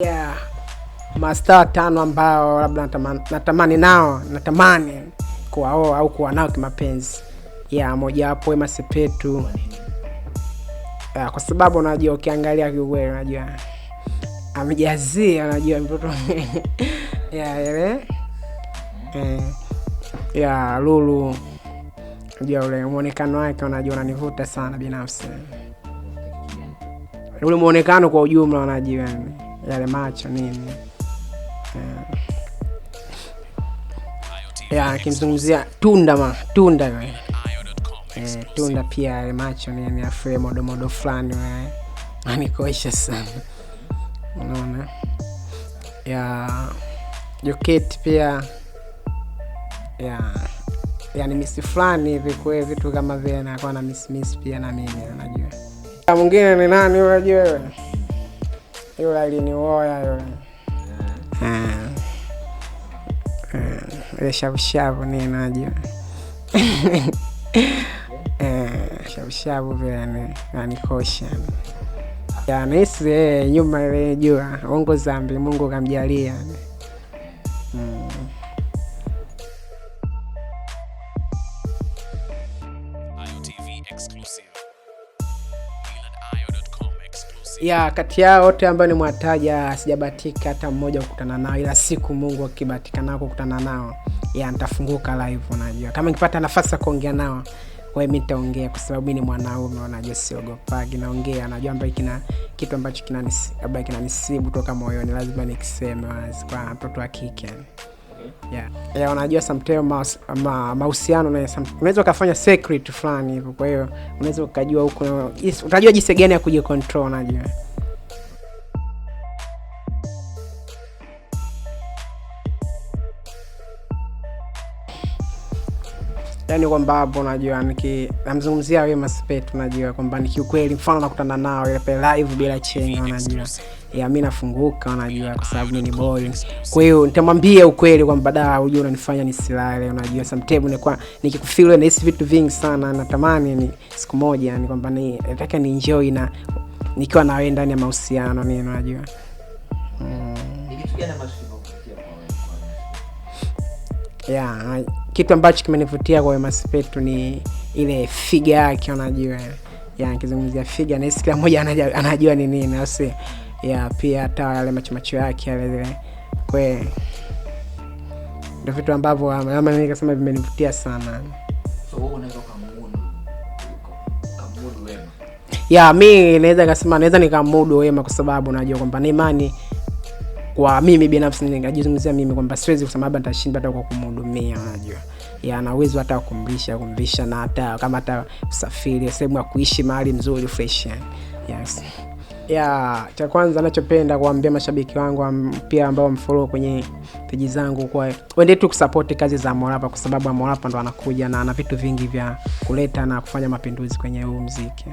yeah. mastaa watano ambao labda natamani, natamani nao natamani kuwaoa au kuwa nao kimapenzi yeah, mojawapo Wema Sepetu yeah, kwa sababu unajua ukiangalia kiukweli unajua amejazia unajua mtoto yeah, ile eh, yeah, Lulu unajua ule muonekano wake unajua unanivuta sana binafsi ule muonekano kwa ujumla unajua yani yale macho nini eh. ya akimzungumzia Tunda ma Tunda we. Eh, tunda pia yale macho nini afue modomodo fulani we anikoesha sana, unaona ya joketi pia ya yani misi fulani hivi kwe vitu kama vile nakuwa na miss pia na mimi unajua. Mwingine ni nani unajua wewe? yule alinioa yule eh. Eh. Eh, ile shavushavu ni najua shavushavu vile nanikosha nahisi nyuma ile jua ongo zambi Mungu kamjalia mm. IOTV exclusive ya kati yao wote ambayo nimewataja sijabatika hata mmoja kukutana nao, ila siku Mungu akibatika nao kukutana nao ya nitafunguka live. Unajua, kama nikipata nafasi ya kuongea nao wewe, mimi nitaongea kwa sababu mimi ni mwanaume, unajua siogopagi, naongea, najua ambaye kina kitu ambacho kinanisibu toka moyoni, lazima nikiseme wazi kwa mtoto wa kike yeah. Yeah, unajua sometimes mahusiano ma, unaweza ukafanya secret fulani hivyo, kwa hiyo unaweza ukajua huko, utajua jinsi gani ya kujicontrol, unajua yani kwamba hapo unajua namzungumzia Wema Sepetu, unajua kwamba ni kiukweli, mfano nakutana nao ile live bila chenga, unajua ya mimi nafunguka, unajua kwa sababu ni boy. Kwa hiyo nitamwambia ukweli kwamba da, unajua unanifanya nisilale, unajua sometimes nilikuwa nikikufeel na hisi vitu vingi sana, natamani ni siku moja ni kwamba ni nataka ni enjoy na nikiwa na wewe ndani ya mahusiano nini, unajua mm. yeah kitu ambacho kimenivutia kwa Wema Sepetu ni ile figa yake, unajua ya nikizungumzia figa na kila mmoja anajua, ni nini asi ya pia hata yale macho yake yale zile, kwa ndio vitu ambavyo ama mimi nikasema vimenivutia sana. Ya mi naweza kasema naweza nikamudu Wema kwa sababu najua kwamba ni imani kwa mimi binafsi nikajizungumzia mimi kwamba siwezi kusema labda nitashinda hata kwa kumhudumia, unajua ya na uwezo hata kumlisha kumvisha, na hata kama hata usafiri, sehemu ya kuishi, mahali mzuri fresh, yes ya cha kwanza nachopenda kuambia mashabiki wangu pia ambao mfollow kwenye peji zangu, kwa wende tu kusupport kazi za morapa kwa sababu morapa ndo anakuja na ana vitu vingi vya kuleta na kufanya mapinduzi kwenye huu muziki.